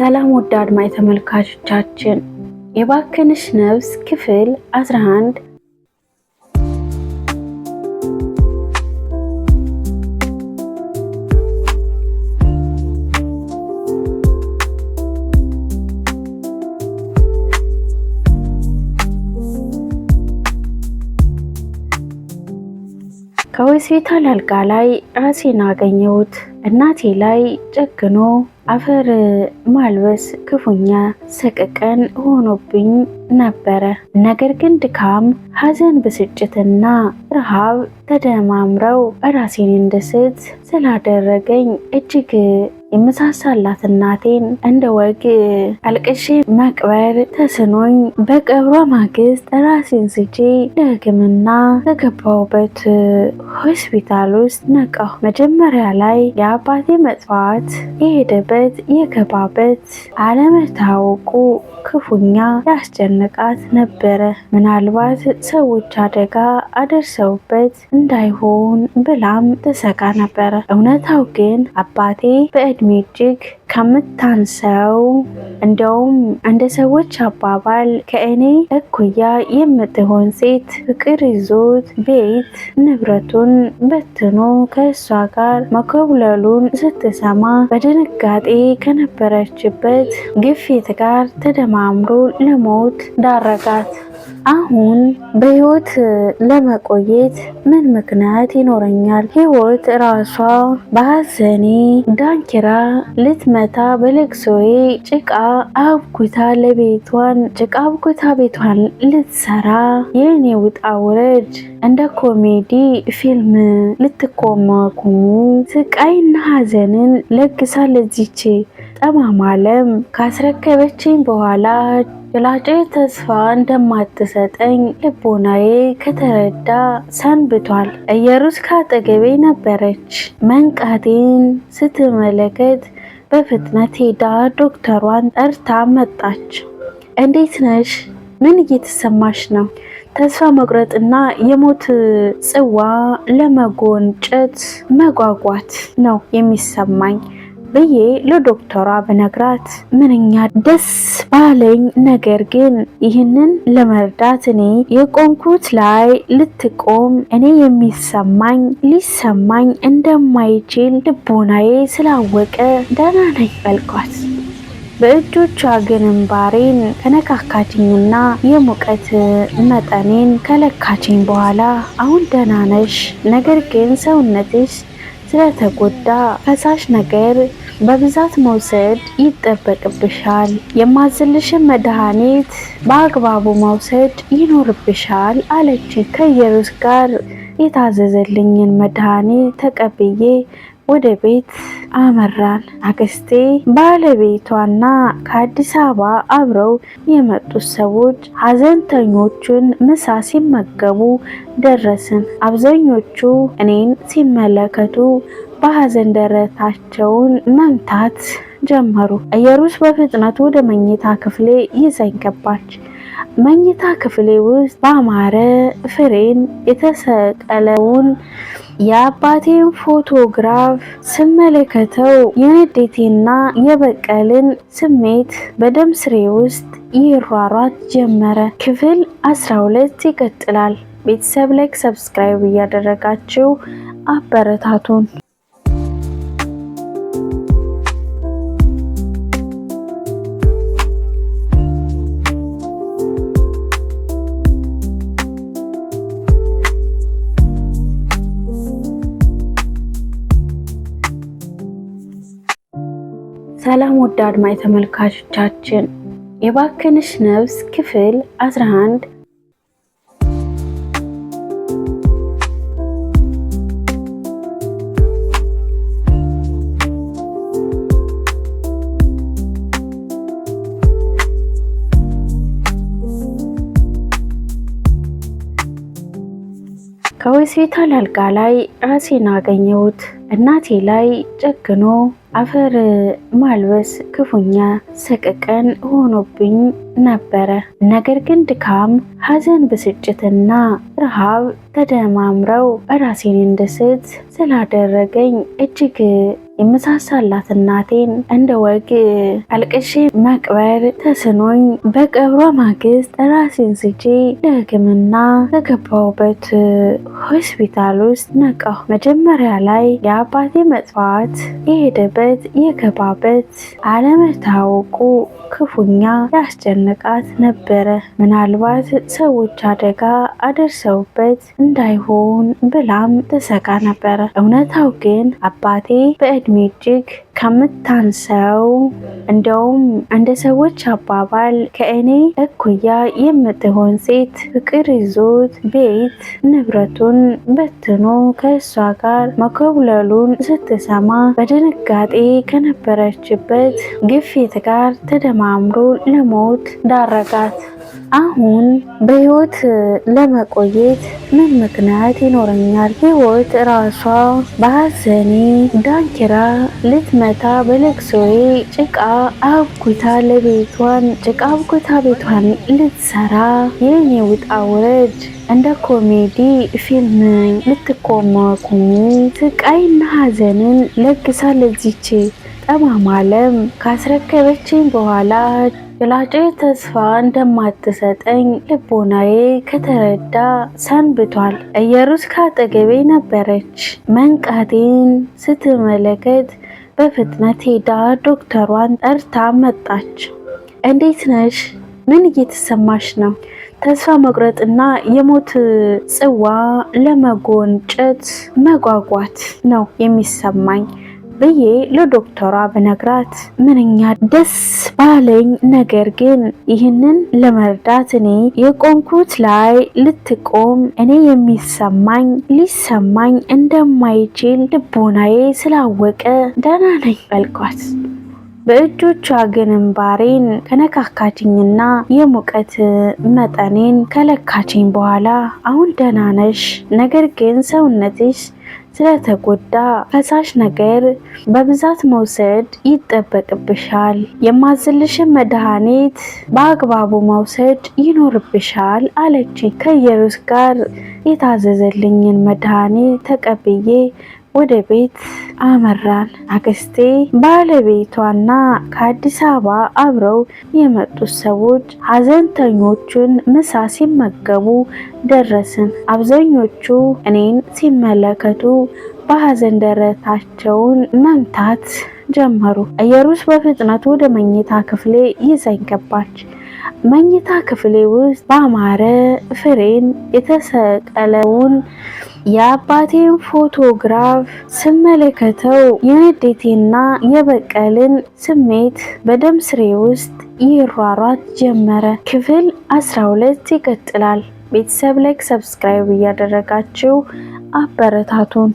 ሰላም ውድ አድማጭ ተመልካቾቻችን፣ የባከነች ነፍስ ክፍል 11 ከሆስፒታል አልጋ ላይ ራሴን አገኘሁት። እናቴ ላይ ጨክኖ አፈር ማልበስ ክፉኛ ሰቀቀን ሆኖብኝ ነበረ። ነገር ግን ድካም፣ ሐዘን፣ ብስጭትና ረሃብ ተደማምረው ራሴን እንድስት ስላደረገኝ እጅግ የምሳሳላት እናቴን እንደ ወግ አልቅሼ መቅበር ተስኖኝ በቀብሯ ማግስት ራሴን ስቼ ለሕክምና ከገባሁበት ሆስፒታል ውስጥ ነቃሁ። መጀመሪያ ላይ የአባቴ መጥፋት የሄደበት የገባበት አለመታወቁ ክፉኛ ያስጨንቃት ነበረ። ምናልባት ሰዎች አደጋ አደርሰውበት እንዳይሆን ብላም ትሰጋ ነበር። እውነታው ግን አባቴ በእድሜ እጅግ ከምታንሰው እንደውም እንደ ሰዎች አባባል ከእኔ እኩያ የምትሆን ሴት ፍቅር ይዞት ቤት ንብረቱን በትኖ ከእሷ ጋር መኮብለሉን ስትሰማ በድንጋጤ ከነበረችበት ግፊት ጋር ተደማምሮ ለሞት ዳረጋት። አሁን በህይወት ለመቆየት ምን ምክንያት ይኖረኛል? ህይወት ራሷ በሐዘኔ ዳንኪራ ልትመታ በለቅሶዬ ጭቃ አብኩታ ለቤቷን ጭቃ አብኩታ ቤቷን ልትሰራ የእኔ ውጣ ውረድ እንደ ኮሜዲ ፊልም ልትኮማኩሙ ስቃይና ሐዘንን ለግሳ ለዚች ጠማማለም ካስረከበችኝ በኋላ ጭላጭ ተስፋ እንደማትሰጠኝ ልቦናዬ ከተረዳ ሰንብቷል። እየሩስ ካጠገቤ ነበረች። መንቃቴን ስትመለከት በፍጥነት ሄዳ ዶክተሯን ጠርታ መጣች። እንዴት ነሽ? ምን እየተሰማሽ ነው? ተስፋ መቁረጥና የሞት ጽዋ ለመጎንጨት መጓጓት ነው የሚሰማኝ ብዬ ለዶክተሯ ብነግራት ምንኛ ደስ ባለኝ። ነገር ግን ይህንን ለመርዳት እኔ የቆንኩት ላይ ልትቆም እኔ የሚሰማኝ ሊሰማኝ እንደማይችል ልቦናዬ ስላወቀ ደህና ነኝ በልኳት። በእጆቿ ግን ከነካካችኝና የሙቀት መጠኔን ከለካችኝ በኋላ አሁን ደህና ነሽ፣ ነገር ግን ሰውነትሽ ስለተጎዳ ፈሳሽ ነገር በብዛት መውሰድ ይጠበቅብሻል። የማዝልሽን መድኃኒት በአግባቡ መውሰድ ይኖርብሻል አለች። ከኢየሩስ ጋር የታዘዘልኝን መድኃኒት ተቀብዬ ወደ ቤት አመራን። አክስቴ ባለቤቷና ከአዲስ አበባ አብረው የመጡት ሰዎች ሀዘንተኞቹን ምሳ ሲመገቡ ደረስን። አብዛኞቹ እኔን ሲመለከቱ በሀዘን ደረታቸውን መምታት ጀመሩ። እየሩስ በፍጥነት ወደ መኝታ ክፍሌ ይዘኝ ገባች። መኝታ ክፍሌ ውስጥ በአማረ ፍሬን የተሰቀለውን የአባቴን ፎቶግራፍ ስመለከተው የንዴቴና የበቀልን ስሜት በደም ስሬ ውስጥ ይሯሯት ጀመረ። ክፍል 12 ይቀጥላል። ቤተሰብ ላይክ፣ ሰብስክራይብ እያደረጋችሁ አበረታቱን። ሰላም ወደ አድማጭ ተመልካቾቻችን፣ የባክንሽ ነፍስ ክፍል 11 ከሆስፒታል አልጋ ላይ ራሴን አገኘሁት። እናቴ ላይ ጨክኖ አፈር ማልበስ ክፉኛ ሰቀቀን ሆኖብኝ ነበረ። ነገር ግን ድካም፣ ሐዘን፣ ብስጭትና ረሃብ ተደማምረው ራሴን እንድስት ስላደረገኝ እጅግ የምሳሳላት እናቴን እንደ ወግ አልቅሼ መቅበር ተስኖኝ በቀብሯ ማግስት ራሴን ስቼ ለሕክምና ተገባሁበት ሆስፒታል ውስጥ ነቃሁ። መጀመሪያ ላይ የአባቴ መጥፋት የሄደበት የገባበት አለመታወቁ ክፉኛ ያስጨንቃት ነበረ። ምናልባት ሰዎች አደጋ አደርሰውበት እንዳይሆን ብላም ትሰጋ ነበር እውነታው ግን አባቴ በእድሜ እጅግ ከምታንሰው እንደውም እንደ ሰዎች አባባል ከእኔ እኩያ የምትሆን ሴት ፍቅር ይዞት ቤት ንብረቱን በትኖ ከእሷ ጋር መኮብለሉን ስትሰማ በድንጋጤ ከነበረችበት ግፊት ጋር ተደማምሮ ለሞት ዳረጋት። አሁን በህይወት ለመቆየት ምን ምክንያት ይኖረኛል? ህይወት ራሷ በሀዘኔ ዳንኪራ ልትመ ማታ በለቅሶዬ ጭቃ አብኩታ ለቤቷን ጭቃ አብኩታ ቤቷን ልትሰራ የኔ ውጣ ውረድ እንደ ኮሜዲ ፊልም ልትኮማኩሙ ስቃይና ሀዘንን ለግሳ ለዚች ጠማማለም ካስረከበችኝ በኋላ ጭላጭ ተስፋ እንደማትሰጠኝ ልቦናዬ ከተረዳ ሰንብቷል። ኢየሩስ ካጠገቤ ነበረች። መንቃቴን ስትመለከት በፍጥነት ሄዳ ዶክተሯን ጠርታ መጣች። እንዴት ነሽ? ምን እየተሰማሽ ነው? ተስፋ መቁረጥና የሞት ጽዋ ለመጎንጨት መጓጓት ነው የሚሰማኝ ብዬ ለዶክተሯ ብነግራት ምንኛ ደስ ባለኝ። ነገር ግን ይህንን ለመርዳት እኔ የቆምኩት ላይ ልትቆም እኔ የሚሰማኝ ሊሰማኝ እንደማይችል ልቦናዬ ስላወቀ ደህና ነኝ በልኳት። በእጆቿ ግንንባሬን ከነካካችኝና የሙቀት መጠኔን ከለካችኝ በኋላ አሁን ደህና ነሽ፣ ነገር ግን ሰውነትሽ ስለተጎዳ ፈሳሽ ነገር በብዛት መውሰድ ይጠበቅብሻል። የማዝልሽን መድኃኒት በአግባቡ መውሰድ ይኖርብሻል አለች። ከኢየሩስ ጋር የታዘዘልኝን መድኃኒት ተቀብዬ ወደ ቤት አመራን። አክስቴ ባለቤቷና ከአዲስ አበባ አብረው የመጡት ሰዎች ሀዘንተኞቹን ምሳ ሲመገቡ ደረስን። አብዛኞቹ እኔን ሲመለከቱ በሀዘን ደረታቸውን መምታት ጀመሩ። አየሩስ በፍጥነት ወደ መኝታ ክፍሌ ይዛኝ ገባች። መኝታ ክፍሌ ውስጥ በአማረ ፍሬን የተሰቀለውን የአባቴን ፎቶግራፍ ስመለከተው የንዴቴና የበቀልን ስሜት በደም ስሬ ውስጥ ይሯሯት ጀመረ። ክፍል 12 ይቀጥላል። ቤተሰብ ላይክ፣ ሰብስክራይብ እያደረጋችሁ አበረታቱን።